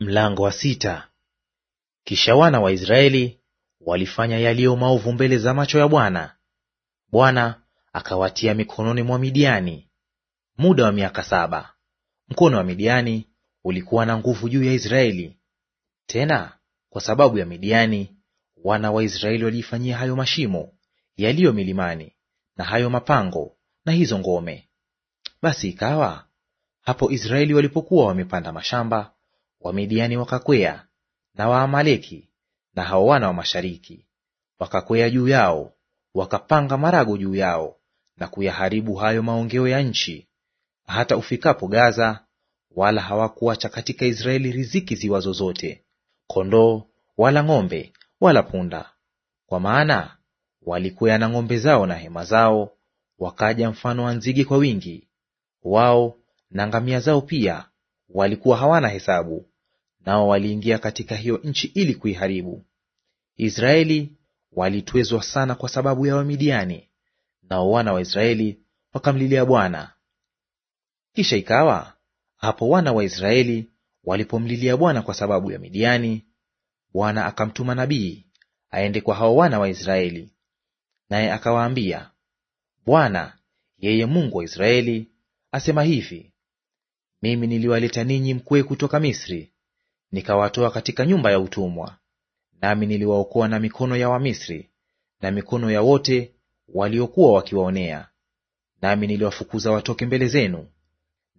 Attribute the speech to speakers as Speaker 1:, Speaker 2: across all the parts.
Speaker 1: Mlango wa sita. Kisha wana wa Israeli walifanya yaliyo maovu mbele za macho ya Bwana. Bwana akawatia mikononi mwa Midiani muda wa miaka saba. Mkono wa Midiani ulikuwa na nguvu juu ya Israeli. Tena kwa sababu ya Midiani, wana wa Israeli waliifanyia hayo mashimo yaliyo milimani na hayo mapango na hizo ngome. Basi ikawa hapo Israeli walipokuwa wamepanda mashamba Wamidiani wakakwea na Waamaleki na hao wana wa mashariki wakakwea juu yao, wakapanga marago juu yao na kuyaharibu hayo maongeo ya nchi hata ufikapo Gaza, wala hawakuacha katika Israeli riziki ziwazo zote, kondoo wala ng'ombe wala punda, kwa maana walikwea na ng'ombe zao na hema zao, wakaja mfano wa nzige kwa wingi; wao na ngamia zao pia walikuwa hawana hesabu nao waliingia katika hiyo nchi ili kuiharibu. Israeli walitwezwa sana kwa sababu ya Wamidiani, nao wana wa Israeli wakamlilia Bwana. Kisha ikawa hapo wana wa Israeli walipomlilia Bwana kwa sababu ya Midiani, Bwana akamtuma nabii aende kwa hao wana wa Israeli, naye akawaambia, Bwana yeye Mungu wa Israeli asema hivi, mimi niliwaleta ninyi mkwee kutoka Misri nikawatoa katika nyumba ya utumwa. Nami niliwaokoa na mikono ya Wamisri na mikono ya wote waliokuwa wakiwaonea. Nami niliwafukuza watoke mbele zenu,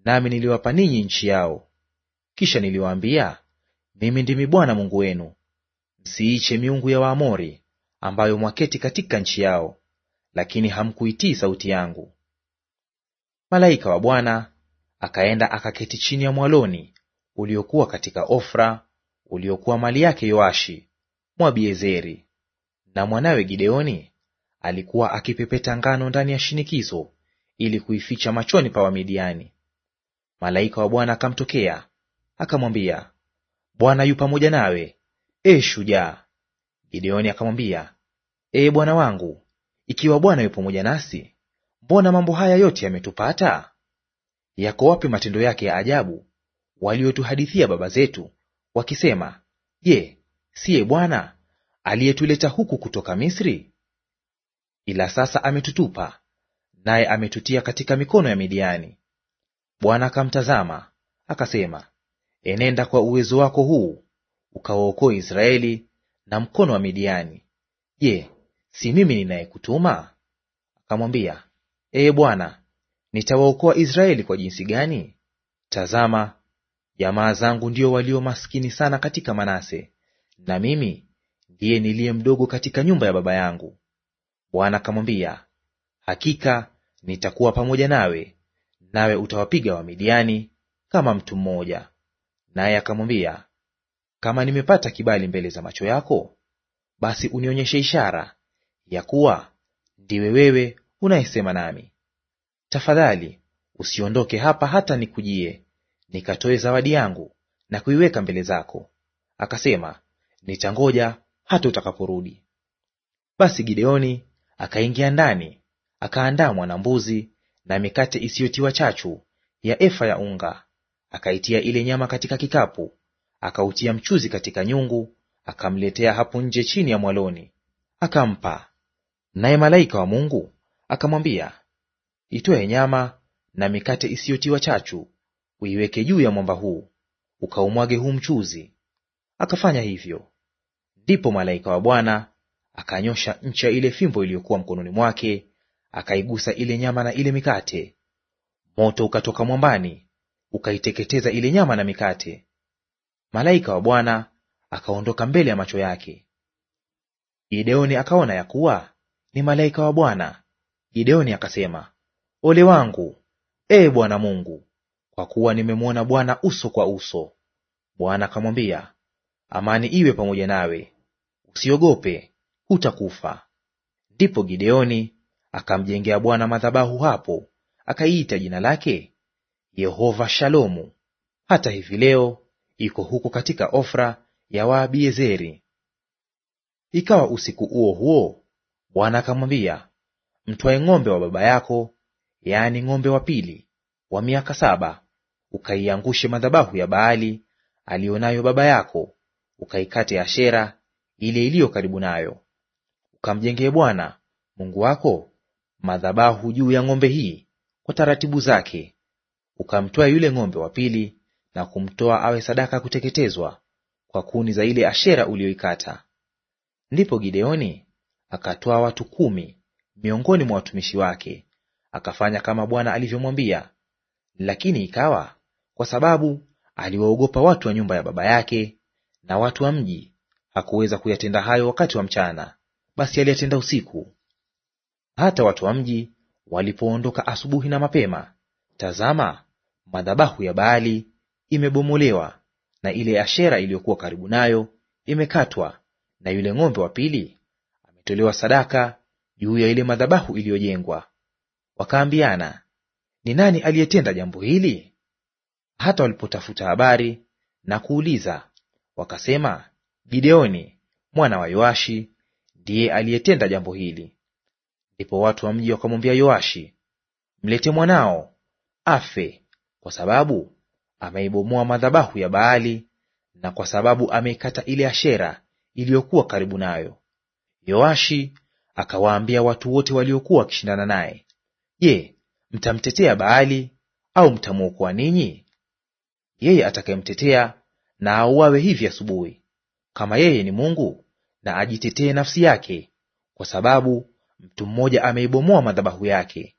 Speaker 1: nami niliwapa ninyi nchi yao. Kisha niliwaambia, mimi ndimi Bwana Mungu wenu. Msiiche miungu ya Waamori ambayo mwaketi katika nchi yao, lakini hamkuitii sauti yangu. Malaika wa Bwana akaenda akaketi chini ya mwaloni uliokuwa katika Ofra, uliokuwa mali yake Yoashi Mwabiezeri. Na mwanawe Gideoni alikuwa akipepeta ngano ndani ya shinikizo ili kuificha machoni pa Wamidiani. Malaika wa Bwana akamtokea akamwambia, Bwana yu pamoja nawe, e shujaa. Gideoni akamwambia, e Bwana wangu, ikiwa Bwana yu pamoja nasi, mbona mambo haya yote yametupata? Yako wapi matendo yake ya ajabu waliotuhadithia baba zetu wakisema, Je, siye Bwana aliyetuleta huku kutoka Misri? Ila sasa ametutupa, naye ametutia katika mikono ya Midiani. Bwana akamtazama akasema, enenda kwa uwezo wako huu ukawaokoe Israeli na mkono wa Midiani. Je, si mimi ninayekutuma? Akamwambia, Ee Bwana, nitawaokoa Israeli kwa jinsi gani? Tazama, Jamaa zangu ndio walio maskini sana katika Manase, na mimi ndiye niliye mdogo katika nyumba ya baba yangu. Bwana akamwambia, hakika nitakuwa pamoja nawe, nawe utawapiga Wamidiani kama mtu mmoja. Naye akamwambia, kama nimepata kibali mbele za macho yako, basi unionyeshe ishara ya kuwa ndiwe wewe unayesema nami. Tafadhali usiondoke hapa hata nikujie, nikatoe zawadi yangu na kuiweka mbele zako. Akasema, nitangoja hata utakaporudi. Basi Gideoni akaingia ndani, akaandaa mwana-mbuzi na mikate isiyotiwa chachu ya efa ya unga, akaitia ile nyama katika kikapu, akautia mchuzi katika nyungu, akamletea hapo nje chini ya mwaloni, akampa. Naye malaika wa Mungu akamwambia, itoe nyama na mikate isiyotiwa chachu uiweke juu ya mwamba huu, ukaumwage huu mchuzi. Akafanya hivyo. Ndipo malaika wa Bwana akanyosha ncha ile fimbo iliyokuwa mkononi mwake, akaigusa ile nyama na ile mikate. Moto ukatoka mwambani ukaiteketeza ile nyama na mikate. Malaika wa Bwana akaondoka mbele ya macho yake. Gideoni akaona ya kuwa ni malaika wa Bwana. Gideoni akasema, ole wangu, ee Bwana Mungu, kwa kuwa nimemwona Bwana uso kwa uso. Bwana akamwambia, amani iwe pamoja nawe, usiogope, hutakufa. Ndipo Gideoni akamjengea Bwana madhabahu hapo, akaiita jina lake Yehova Shalomu. Hata hivi leo iko huko katika Ofra ya Waabiezeri. Ikawa usiku huo huo Bwana akamwambia, mtwae ng'ombe wa baba yako, yaani ng'ombe wa pili wa miaka saba, ukaiangushe madhabahu ya Baali aliyonayo baba yako, ukaikate Ashera ile iliyo karibu nayo. Ukamjengee Bwana Mungu wako madhabahu juu ya ng'ombe hii kwa taratibu zake, ukamtoa yule ng'ombe wa pili na kumtoa awe sadaka ya kuteketezwa kwa kuni za ile Ashera uliyoikata. Ndipo Gideoni akatoa watu kumi miongoni mwa watumishi wake, akafanya kama Bwana alivyomwambia. Lakini ikawa kwa sababu aliwaogopa watu wa nyumba ya baba yake na watu wa mji; hakuweza kuyatenda hayo wakati wa mchana, basi aliyatenda usiku. Hata watu wa mji walipoondoka asubuhi na mapema, tazama, madhabahu ya Baali imebomolewa na ile Ashera iliyokuwa karibu nayo imekatwa, na yule ng'ombe wa pili ametolewa sadaka juu ya ile madhabahu iliyojengwa. Wakaambiana, ni nani aliyetenda jambo hili? Hata walipotafuta habari na kuuliza, wakasema, Gideoni mwana wa Yoashi ndiye aliyetenda jambo hili. Ndipo watu wa mji wakamwambia Yoashi, mlete mwanao afe, kwa sababu ameibomoa madhabahu ya Baali na kwa sababu ameikata ile Ashera iliyokuwa karibu nayo. Yoashi akawaambia watu wote waliokuwa wakishindana naye, Je, mtamtetea Baali au mtamwokoa ninyi? yeye atakayemtetea na auawe hivi asubuhi. Kama yeye ni Mungu, na ajitetee nafsi yake, kwa sababu mtu mmoja ameibomoa madhabahu yake.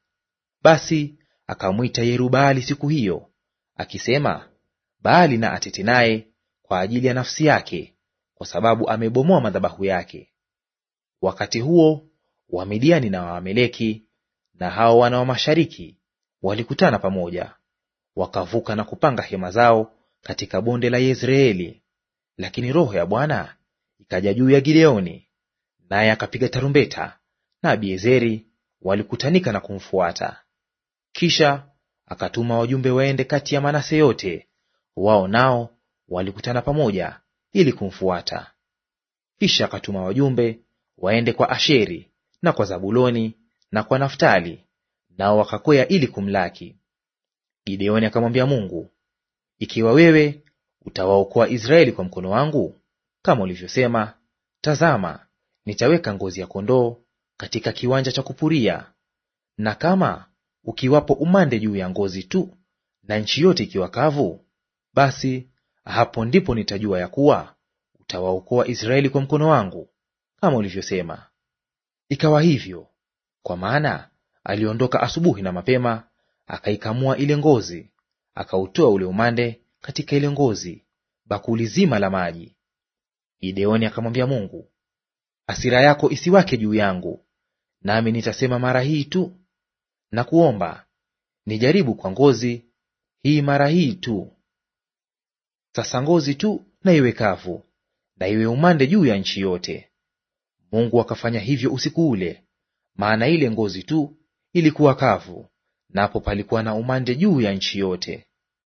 Speaker 1: Basi akamwita Yerubaali siku hiyo, akisema, Baali na atete naye kwa ajili ya nafsi yake, kwa sababu ameibomoa madhabahu yake. Wakati huo Wamidiani na Waameleki na hao wana wa mashariki walikutana pamoja wakavuka na kupanga hema zao katika bonde la Yezreeli. Lakini roho ya Bwana ikaja juu ya Gideoni, naye akapiga tarumbeta, na Abiezeri walikutanika na kumfuata. Kisha akatuma wajumbe waende kati ya Manase yote, wao nao walikutana pamoja ili kumfuata. Kisha akatuma wajumbe waende kwa Asheri na kwa Zabuloni na kwa Naftali, nao wakakwea ili kumlaki. Gideoni akamwambia Mungu, ikiwa wewe utawaokoa Israeli kwa mkono wangu kama ulivyosema, tazama, nitaweka ngozi ya kondoo katika kiwanja cha kupuria, na kama ukiwapo umande juu ya ngozi tu na nchi yote ikiwa kavu, basi hapo ndipo nitajua ya kuwa utawaokoa Israeli kwa mkono wangu kama ulivyosema. Ikawa hivyo, kwa maana aliondoka asubuhi na mapema akaikamua ile ngozi, akautoa ule umande katika ile ngozi, bakuli zima la maji. Gideoni akamwambia Mungu, hasira yako isiwake juu yangu, nami nitasema mara hii tu na kuomba nijaribu kwa ngozi hii mara hii tu. Sasa ngozi tu na iwe kavu, na iwe umande juu ya nchi yote. Mungu akafanya hivyo usiku ule, maana ile ngozi tu ilikuwa kavu napo palikuwa na umande juu ya nchi yote.